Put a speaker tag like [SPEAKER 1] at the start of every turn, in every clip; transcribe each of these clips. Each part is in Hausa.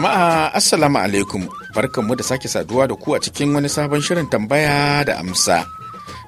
[SPEAKER 1] Jama'a Assalamu alaikum barkan mu da sake saduwa da ku a cikin wani sabon shirin tambaya da amsa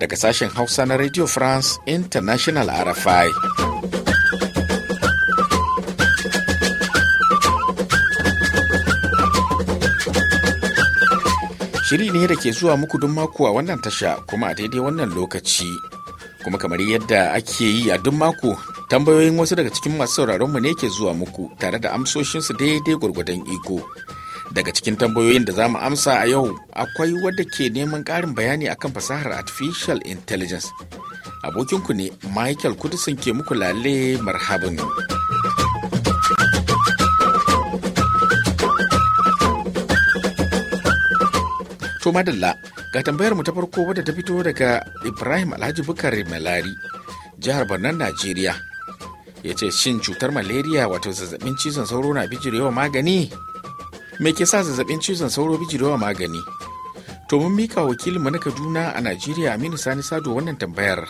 [SPEAKER 1] daga sashen Hausa na Radio France International RFI. Shiri ne da ke zuwa muku duk mako a wannan tasha kuma a daidai wannan lokaci. Kuma kamar yadda ake yi a duk mako Tambayoyin wasu daga cikin masu sauraronmu ne ke zuwa muku tare da amsoshinsu daidai gwargwadon iko. Daga cikin tambayoyin da za mu amsa a yau akwai wadda ke neman ƙarin bayani akan fasahar artificial intelligence. Abokinku ne Michael kudusin ke muku lale marhabin. To madalla ga tambayar mu ta farko wadda ta fito daga Ibrahim Alhaji Bukari Malari, jihar Barnan Najeriya ya ce shin cutar malaria wato zazzabin cizon sauro na bijirewa magani me ke sa zazzabin cizon sauro bijirewa magani to mun mika wakilinmu na kaduna a najeriya aminu sani sado wannan tambayar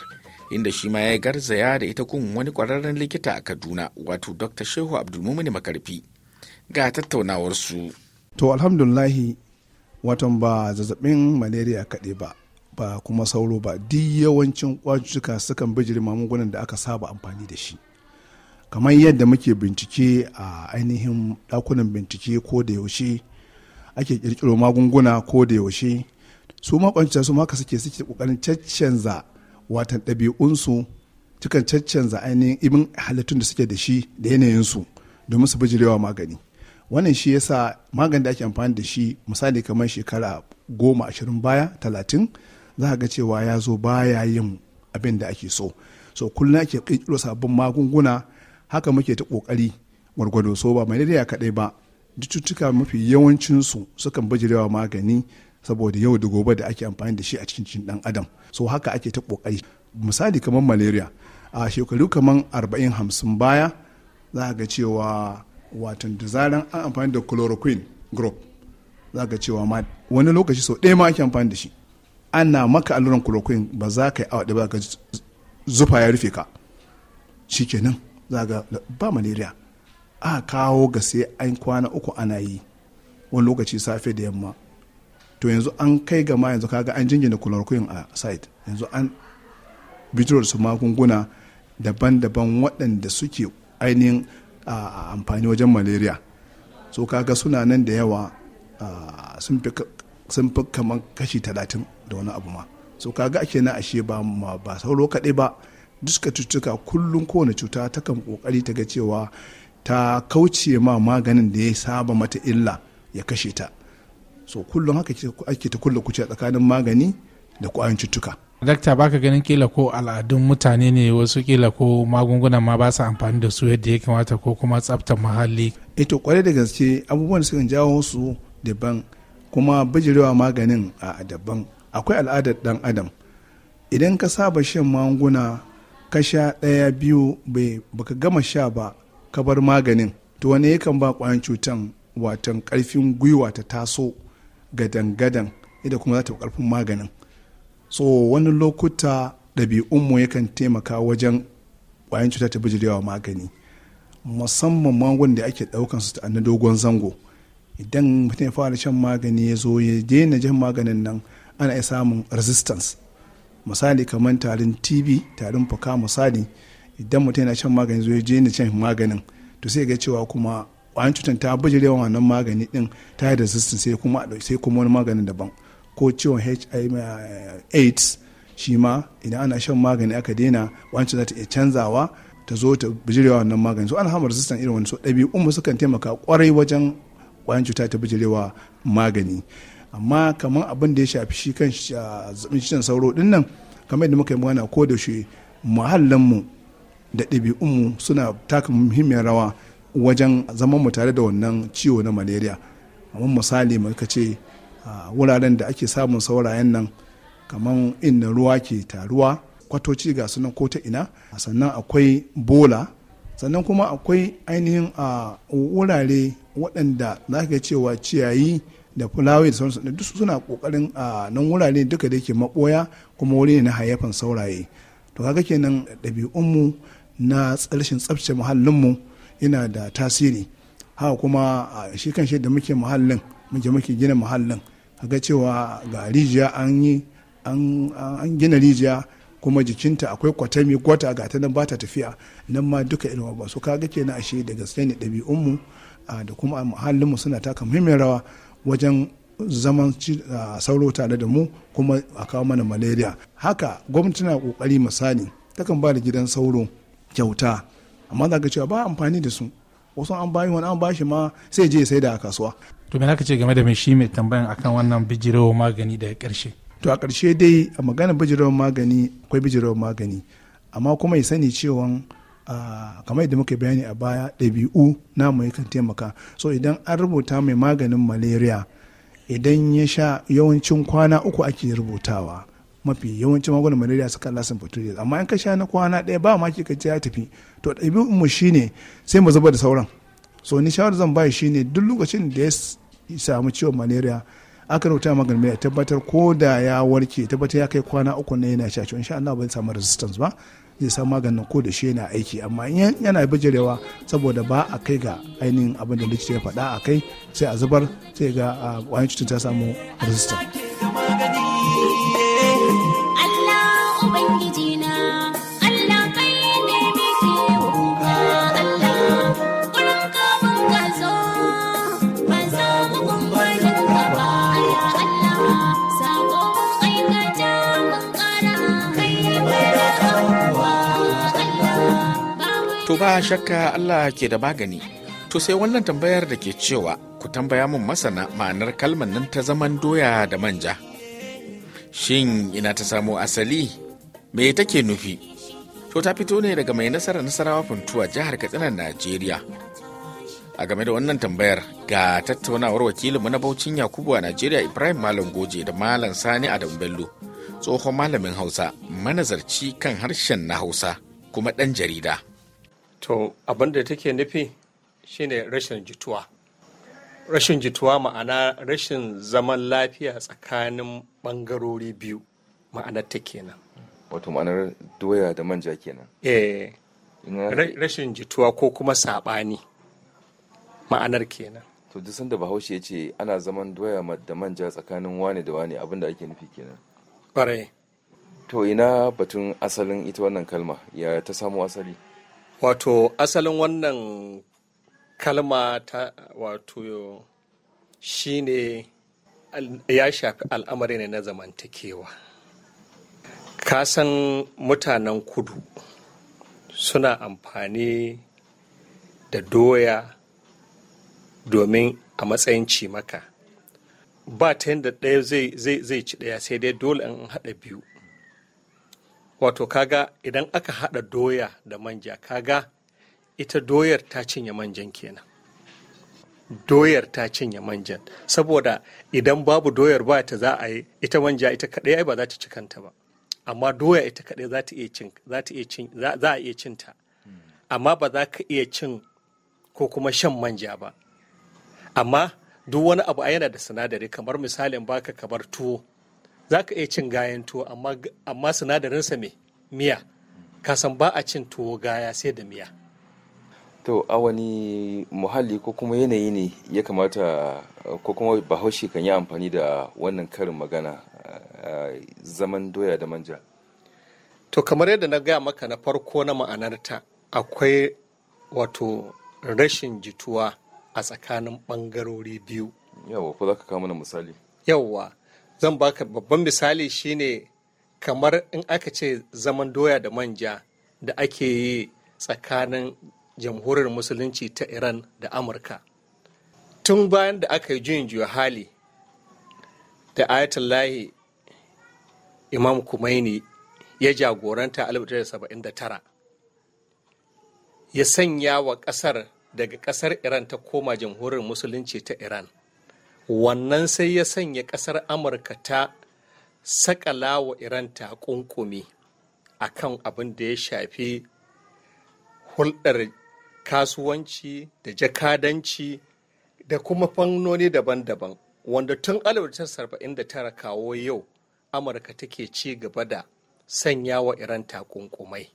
[SPEAKER 1] inda shi ma ya garzaya da ita kun wani kwararren likita a kaduna wato dr shehu abdulmumini makarfi ga tattaunawar
[SPEAKER 2] su. to alhamdulahi watan ba zazzabin malaria kaɗai ba ba kuma sauro ba duk yawancin kwajuka sukan bijiri magungunan da aka saba amfani da shi kamar yadda muke bincike a ainihin dakunan bincike ko da yaushe ake ƙirƙiro magunguna ko da yaushe su makwancin su maka suke suke ƙoƙarin caccanza watan ɗabi'unsu cikin caccanza ainihin ibin halittun da suke da shi da yanayinsu domin su bijirewa magani wannan shi yasa magani da ake amfani da shi misali kamar shekara goma ashirin baya talatin za ga cewa ya zo baya yin abin da ake so so kullum ake kirkiro sabbin magunguna haka muke ta kokari gwargwado so ba malaria kadai ba cututtuka mafi yawancin su sukan bijirewa magani saboda yau da gobe da ake amfani da shi a cikin cin dan adam so haka ake ta kokari misali kamar malaria a shekaru kamar arba'in hamsin baya za ga cewa watan da zaran an amfani da chloroquine group za ga cewa ma wani lokaci sau ɗaya ma ake amfani da shi ana maka alluran chloroquine ba za ka yi awa ɗaya ba ka zufa ya rufe ka shikenan zaga ba malaria a kawo ga sai an kwana uku ana yi wani lokaci safe da yamma to yanzu an kai gama ma yanzu kaga an jingina chloroquine a site yanzu an bidiyo su magunguna daban-daban waɗanda suke ainihin amfani wajen malaria so kaga suna nan da yawa sun fi kamar kashi talatin da wani abu ma so kaga ake na ashe ba ma ba sauro kaɗai ba duka cututtuka kullum kowane cuta takan kokari ta ga cewa ta kauce ma maganin da ya saba mata illa ya kashe ta so kullum haka ake ta kulle kuce tsakanin magani da kwayan cututtuka
[SPEAKER 1] dakta baka ganin kila ko al'adun mutane ne wasu kila ko magungunan ma ba su amfani da su yadda ya kamata ko kuma tsaftar muhalli
[SPEAKER 2] eto eh kwarai da gaske abubuwan sukan jawo su daban kuma bijirewa maganin a daban akwai al'adar dan adam idan ka saba shan magunguna ka sha ɗaya biyu bai baka gama sha ba ka bar maganin to wani yakan ba kwayan cutan watan ƙarfin gwiwa ta taso gadan-gadan idan kuma za ta ƙarfin maganin so wani lokuta ɗabi'unmu yakan taimaka wajen kwayan cuta ta bijirewa magani musamman magun da ake ɗaukan su na dogon zango idan mutum ya fara shan magani ya zo ya daina jin maganin nan ana iya samun resistance misali kamar tarin tb tarin fuka misali idan mutum yana shan magani zo je ni shan maganin to sai ga cewa kuma kwayan cutar ta bijirewa wannan magani din ta yi resistance sai kuma sai kuma wani maganin daban ko ciwon hiv eh, aids shi ma idan ana shan magani aka daina kwayan cutar ta iya canzawa ta zo ta bijirewa wannan magani so ana hama resistance irin wani so ɗabi'un musu sukan taimaka kwarai wajen kwayan cuta ta bijirewa magani amma kamar abin da ya shafi shi kan zaɓin sauro din nan kamar yadda muka yi magana ko da shi muhallinmu da ɗabi'unmu suna taka muhimmiyar rawa wajen zaman mu tare da wannan ciwo na malaria amma misali ka ce wuraren da ake samun saurayen nan kamar inda ruwa ke taruwa kwatoci ga sunan ko ta ina sannan akwai bola sannan kuma akwai ainihin a wurare waɗanda za ka cewa ciyayi da fulawai da sauransu duk suna kokarin a nan wurare duka da yake maboya kuma wuri ne na hayafan sauraye to kaga kenan ɗabi'unmu na tsarshin tsabce muhallinmu yana da tasiri haka kuma shi kan da muke muhallin muke muke gina muhallin kaga cewa ga rijiya an yi an gina rijiya kuma jikinta akwai kwatami gwata ga ta nan bata tafiya nan ma duka irin ba su kaga kenan ashe da gaske ne ɗabi'unmu da kuma muhallinmu suna taka muhimmiyar rawa wajen zaman sauro tare da mu kuma a kawo mana malaria haka gwamnati na kokari misali takan ba da gidan sauro kyauta amma za ka cewa ba amfani da su wasu an bayi wani an bashi ma sai je sai da a kasuwa to me ka ce game da mai shi mai tambayan akan wannan bijirewa magani daga karshe to a karshe dai a magana bijirewa magani akwai bijirewa magani amma kuma ya sani cewa kamar yadda muka bayani a baya ɗabi'u namu yakan taimaka so idan an rubuta mai maganin malaria idan ya sha yawancin kwana uku ake rubutawa mafi yawancin maganin malaria suka lasin fitoyi amma in ka sha na kwana ɗaya ba maki ka ya tafi to ɗabi'un mu shine sai mu zuba da sauran so ni shawar zan bayi shine duk lokacin da ya samu ciwon malaria aka rubuta maganin malaria tabbatar ko da ya warke tabbatar ya kai kwana uku na yana sha in sha Allah ba zai samu resistance ba zai san maganin ko da shi yana aiki amma in yana bijirewa saboda ba a kai ga ainihin abin da likita ya faɗa a kai sai a zubar sai ga ah, wani cutar ta samu resistance
[SPEAKER 1] To ba shakka Allah ke da magani. To sai wannan tambayar da ke cewa ku tambaya mun masana ma'anar kalmar nan ta zaman doya da manja. Shin ina ta samo asali? Me take nufi? To ta fito ne daga mai nasara nasarawa funtuwa jihar Katsina Najeriya. A game da wannan tambayar ga tattaunawar wakilinmu na Baucin Yakubu a Najeriya Ibrahim Malam Goje da Malam Sani Adam Bello, tsohon malamin Hausa, manazarci kan harshen na Hausa, kuma ɗan jarida. to abin da take nufi shine rashin jituwa rashin
[SPEAKER 3] jituwa ma'ana rashin zaman lafiya tsakanin bangarori biyu ma'anar ta kenan
[SPEAKER 4] wato ma'anar doya da manja kenan
[SPEAKER 3] eh rashin jituwa ko kuma saɓani ma'anar kenan to duk sanda bahaushe
[SPEAKER 4] ya ce ana zaman doya da manja tsakanin wane da wane abinda ake nufi kenan ƙwarai to ina batun asalin ita wannan kalma ya ta samu asali
[SPEAKER 3] wato asalin wannan kalma ta wato ne ya shafi al'amari ne na zamantakewa kasan mutanen kudu suna amfani da doya domin a matsayin cimaka ba ta yadda ɗaya zai ci ɗaya sai dai dole an haɗa biyu wato kaga idan aka haɗa doya da manja kaga ita doyar ta cinye manjan kenan doyar ta cinye manjan saboda idan babu doyar ba ta za a yi ita manja ita kaɗai ai ba za ta ci kanta ba amma doya ita kaɗai za iya cin za iya cin za a iya cin amma ba za ka iya cin ko kuma shan manja ba amma duk wani abu a yana da sinadari kamar misalin baka kamar tuwo za ka iya cin gayan tuwo amma sinadarinsa me miya kasan ba a cin tuwo gaya sai da miya
[SPEAKER 4] to a wani muhalli ko kuma yanayi ne ya kamata ko kuma bahaushe kan yi amfani da wannan karin magana zaman
[SPEAKER 3] doya da manja to kamar yadda na gaya maka na farko na ma'anarta akwai wato rashin jituwa a tsakanin ɓangarori biyu yawwa ko za ka kawo mana misali yawwa zan baka babban misali shine kamar in aka ce zaman doya da manja da ake yi tsakanin jamhuriyar musulunci ta iran da amurka tun bayan da aka yi juyin juya hali da ayatollahi imam kumaini ya jagoranta 1979 ya sanya wa ƙasar daga ƙasar iran ta koma jamhuriyar musulunci ta iran wannan sai ya sanya ƙasar amurka ta sakala wa iran takunkumi a kan abin da ya shafi hulɗar kasuwanci da jakadanci da kuma fannoni daban-daban wanda tun 1979 kawo yau amurka take ci gaba da sanya wa iran takunkumai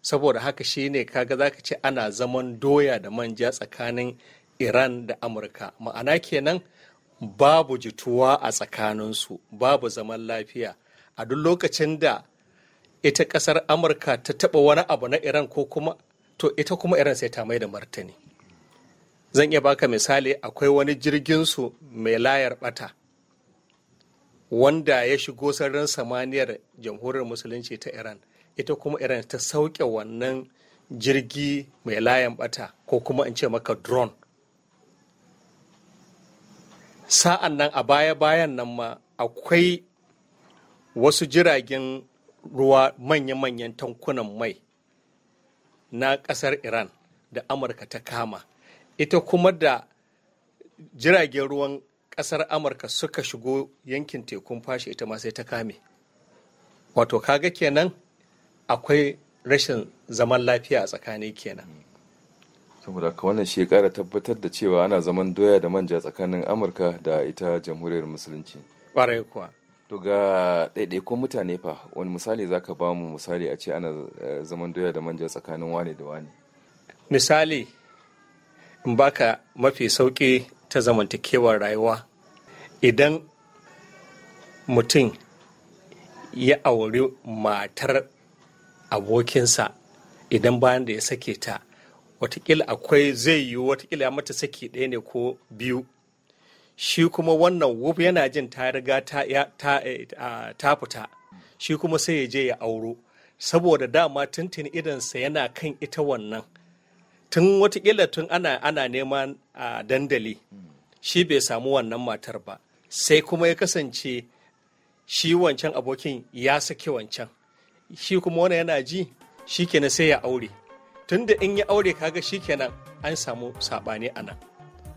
[SPEAKER 3] saboda haka shi ne kaga zaka ce ana zaman doya da manja tsakanin iran da amurka ma'ana kenan babu jituwa a tsakaninsu babu zaman lafiya a duk lokacin da ita kasar amurka ta taba wani abu na iran ko kuma to ita kuma iran sai ta mai da martani zan iya baka misali akwai wani jirginsu mai layar bata wanda ya shigo sararin samaniyar jamhuriyar musulunci ta iran ita kuma iran ta sauke wannan jirgi mai layan bata ko kuma in ce maka drone sa'an nan a baya-bayan nan ma akwai wasu jiragen ruwa manya-manyan tankunan mai na ƙasar iran da amurka ta kama ita kuma da jiragen ruwan ƙasar amurka suka shigo yankin tekun fashi, ita ma sai ta kame wato kaga kenan akwai rashin zaman lafiya a tsakani kenan
[SPEAKER 4] saboda ka wannan shekara tabbatar da cewa ana zaman doya da manja tsakanin amurka da ita jamhuriyar musulunci
[SPEAKER 3] ƙwarai kuwa to ga ɗaiɗaikun
[SPEAKER 4] mutane fa wani misali za ka ba mu misali a ce ana eh, zaman doya da manja tsakanin wane da wane
[SPEAKER 3] misali in baka mafi sauƙi ta zamantakewar rayuwa idan mutum ya auri matar abokinsa idan bayan da ya sake ta watakila akwai zai yiwu watakila ya mata saki ɗaya ne ko biyu shi kuma wannan wuf yana jin ta riga ta eh, fita shi kuma sai ya je ya auro saboda dama tuntun idansa yana kan ita wannan tun watakila tun ana, ana neman a dandali shi bai samu wannan matar ba sai kuma ya kasance shi wancan abokin ya sake wancan shi kuma wani yana ji shi kenan sai ya aure tunda in ya aure kaga shikenan an samu sabani a nan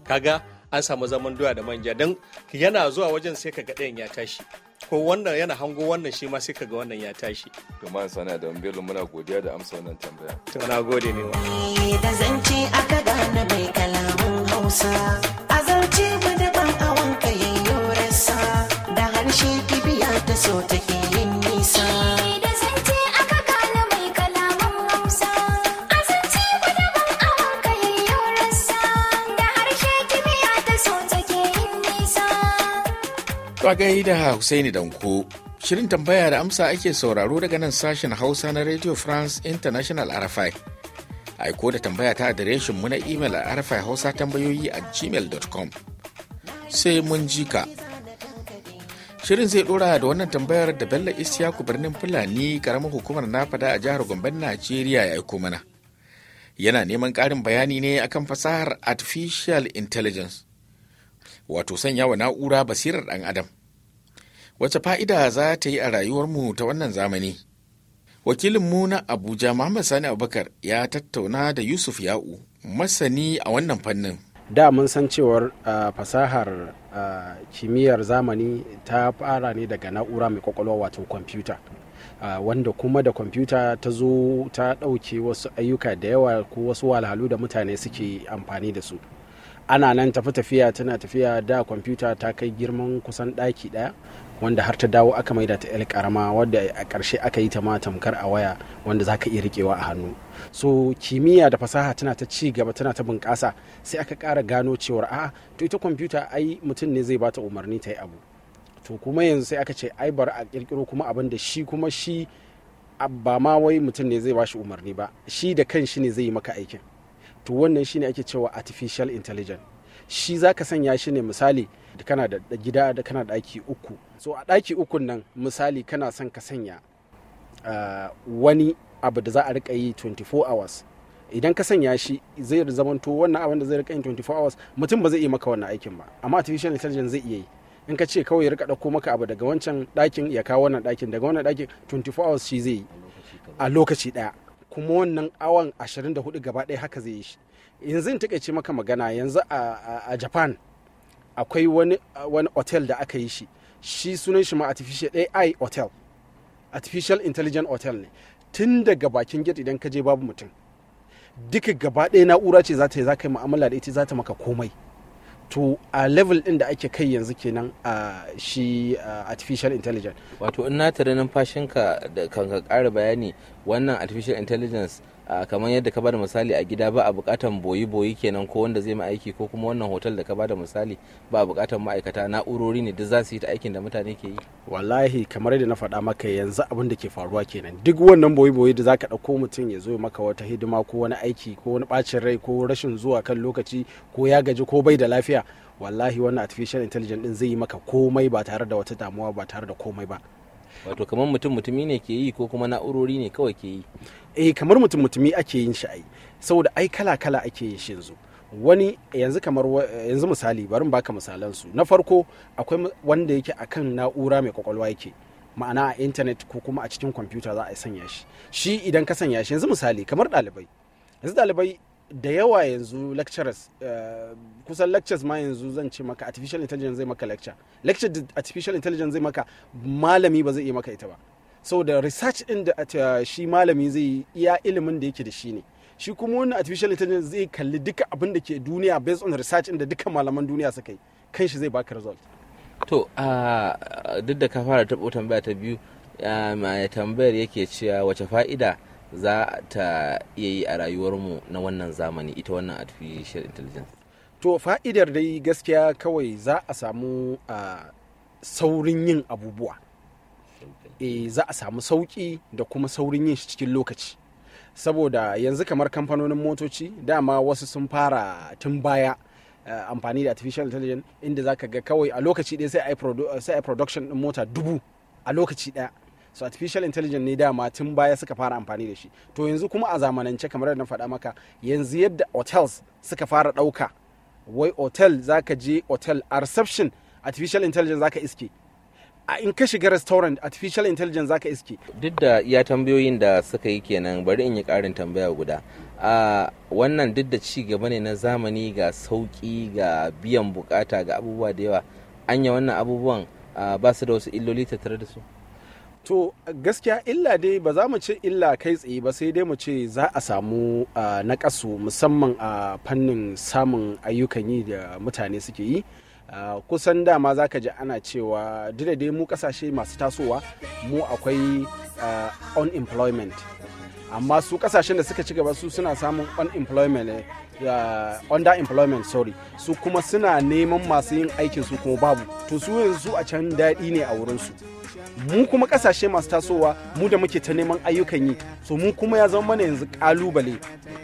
[SPEAKER 3] kaga an samu zaman doya da manja don yana zuwa wajen sai kaga ɗayan ya tashi ko wannan yana hango wannan shi ma sai kaga wannan ya tashi kuma sana da
[SPEAKER 4] bello muna godiya da amsa wannan tambaya to na gode ne wa
[SPEAKER 3] da zance aka gane bai kalamun hausa
[SPEAKER 1] a da Husaini Danko. Shirin tambaya da amsa ake sauraro daga nan sashen Hausa na Radio France International RFI. Aiko da tambaya ta adireshin mu na imel a RFI Hausa tambayoyi a gmail.com. Sai mun ji ka. Shirin zai dora da wannan tambayar da Bello Isiyaku birnin Fulani karamar hukumar Nafada a jihar Gombe Najeriya ya aiko mana. Yana neman ƙarin bayani ne akan fasahar Artificial Intelligence. Wato sanya wa na'ura basirar ɗan Adam. wace fa'ida za ta yi a rayuwarmu ta wannan zamani? Wakilinmu na Abuja Muhammad Sani Abubakar ya tattauna da Yusuf Ya'u, masani a wannan fannin.
[SPEAKER 5] Da mun san cewar fasahar kimiyyar zamani ta fara ne daga na'ura mai kwakwalwa wato kwamfuta. Uh, wanda kuma da kwamfuta ta zo ta ɗauke wasu ayyuka da yawa ko wasu walhalu da mutane suke amfani da su ana nan tafi tafiya tana tafiya da kwamfuta ta kai girman kusan daki ɗaya wanda har ta dawo aka maida ta yar karama wadda a karshe aka yi ta ma tamkar a waya wanda za ka iya riƙewa a hannu so kimiyya da fasaha tana ta ci gaba tana ta bunƙasa sai aka ƙara gano cewar a to ita kwamfuta ai mutum ne zai bata umarni ta yi abu to kuma yanzu sai aka ce ai bari a ƙirƙiro kuma abin da shi kuma shi ba ma wai mutum ne zai bashi umarni ba shi da kan shi ne zai yi maka aikin to wannan shine ake cewa artificial intelligence shi za ka sanya shi ne misali da kana da gida da kana da ɗaki uku so a ɗaki ukun nan misali kana son ka sanya uh, wani abu da za a rika yi 24 hours idan ka sanya shi zai zamanto wannan abin da zai rika yi 24 hours mutum ba zai iya maka wannan aikin ba amma artificial intelligence zai iya yi in ka ce kawai ya rika ɗauko maka abu daga wancan ɗakin ya kawo wannan ɗakin daga wannan ɗakin 24 hours shi zai yi a lokaci ɗaya kuma wannan awan 24 gaba ɗaya haka zai yi shi yanzu takaice maka magana yanzu a japan akwai wani wani hotel da aka yi shi shi sunan shi ma artificial ai hotel artificial intelligent hotel ne tun daga bakin gate idan ka je babu mutum duka gaba ɗaya na'ura ce za ta yi za ka yi mu'amala da ita za ta maka komai to a level din da ake kai yanzu kenan a shi artificial intelligence
[SPEAKER 6] wato in na tare numfashinka da kan ka bayani wannan artificial intelligence kamar yadda ka da misali a gida ba a bukatan boyi boyi kenan ko wanda zai ma aiki ko kuma wannan hotel da ka bada misali ba
[SPEAKER 5] a bukatan ma'aikata na'urori ne duk za su yi ta aikin da mutane ke yi wallahi kamar yadda na faɗa maka yanzu abin da ke faruwa kenan duk wannan boyi boyi da zaka ɗauko mutum ya zo maka wata hidima ko wani aiki ko wani bacin rai ko rashin zuwa kan lokaci ko ya gaji ko bai da lafiya wallahi wannan artificial intelligence din zai yi maka komai ba tare da wata damuwa ba tare da komai ba
[SPEAKER 6] wato kamar mutum
[SPEAKER 5] mutumi ne ke yi ko kuma na'urori ne kawai ke yi eh kamar mutum mutumi ake yin shi ai saboda ai kala kala ake yin shi yanzu wani yanzu kamar yanzu misali bari in baka misalan su na farko akwai wanda yake akan na'ura mai kwakwalwa yake ma'ana a intanet ko kuma a cikin kwamfuta za a sanya shi shi idan ka sanya shi yanzu misali kamar ɗalibai yanzu ɗalibai da yawa yanzu lecturers eh, kusan lectures ma yanzu zan ce maka artificial intelligence zai maka lecture lecture da artificial intelligence zai maka malami ba zai iya maka ita ba so da research din da shi malami zai iya ilimin da yake da shi ne shi kuma wannan artificial intelligence zai kalli duka abin da ke duniya based on research da duka malaman duniya suka yi kan shi zai baka result
[SPEAKER 6] to duk da ka fara taɓo tambaya ta biyu mai tambayar yake cewa wace fa'ida za ta iya yi a rayuwar mu na wannan zamani ita wannan artificial intelligence
[SPEAKER 5] to fa'idar dai gaskiya kawai za a samu uh, saurin yin abubuwa okay. e, eh, za a samu sauƙi da kuma saurin yin shi cikin lokaci saboda yanzu kamar kamfanonin motoci dama wasu sun fara tun baya eh, amfani da artificial intelligence inda za ka ga kawai a lokaci ɗaya sai a yi production ɗin mota dubu a lokaci ɗaya so artificial intelligence ne dama tun baya suka fara amfani da shi to yanzu kuma a zamanance kamar na faɗa maka yanzu yadda hotels suka fara ɗauka wai hotel zaka je hotel a reception artificial intelligence zaka iske a in ka shiga restaurant artificial intelligence zaka iske
[SPEAKER 6] duk da ya tambayoyin da suka yi kenan bari in yi karin tambaya guda a wannan duk da ci gaba ne na zamani ga sauki ga biyan bukata ga abubuwa da yawa anya wannan abubuwan ba su da wasu illoli tattare da su
[SPEAKER 5] to gaskiya illa dai ba za mu ce illa kai tsaye ba sai dai mu ce za a samu na musamman a fannin samun ayyukan yi da mutane suke yi kusan dama za ka ji ana cewa duk dai mu kasashe masu tasowa mu akwai unemployment amma su kasashen da suka ci gaba su suna samun unemployment underemployment sorry su kuma suna neman masu yin aikin su kuma babu to su yanzu a can daɗi ne a wurinsu mu kuma kasashe masu tasowa mu da muke ta neman ayyukan yi so mu kuma ya zama mana yanzu kalubale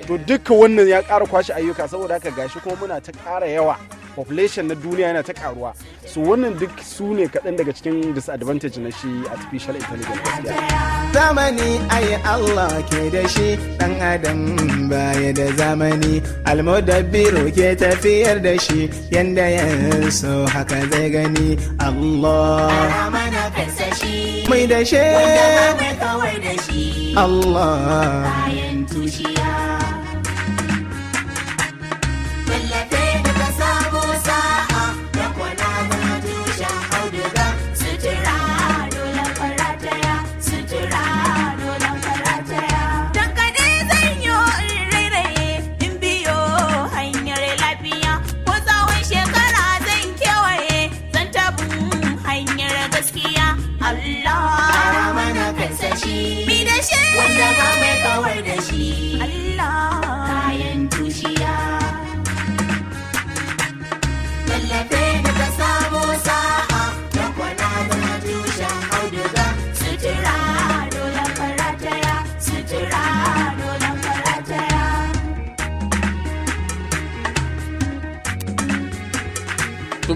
[SPEAKER 5] to duka wannan ya ƙara kwashe ayyuka saboda haka gashi kuma muna ta ƙara yawa population na duniya yana ta karuwa so wannan duk su ne kaɗan daga cikin disadvantage na shi artificial intelligence gaskiya
[SPEAKER 2] zamani ai Allah ke da shi dan adam baya da zamani almudabbiro ke tafiyar da shi yanda ya so haka zai gani Allah mai da shi Allah bayan tushe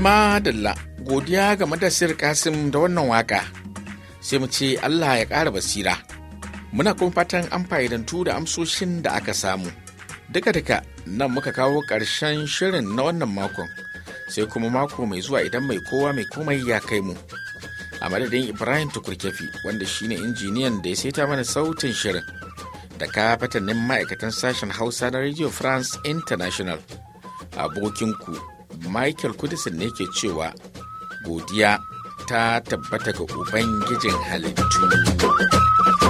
[SPEAKER 1] Madalla godiya ga madasir Kasim da wannan waka sai mu ce Allah ya ƙara basira. Muna kuma fatan an fa'idantu da amsoshin da aka samu. Duka-duka nan muka kawo ƙarshen shirin na wannan makon sai kuma mako mai zuwa idan mai kowa mai komai ya kai mu. A madadin Ibrahim Tukurkefi wanda shine injiniyan da ya saita mana sautin shirin da kafatannin ma'aikatan sashen Hausa na Radio France International. Abokinku michael kudisin ne ke cewa godiya ta tabbata ga ubangijin halittu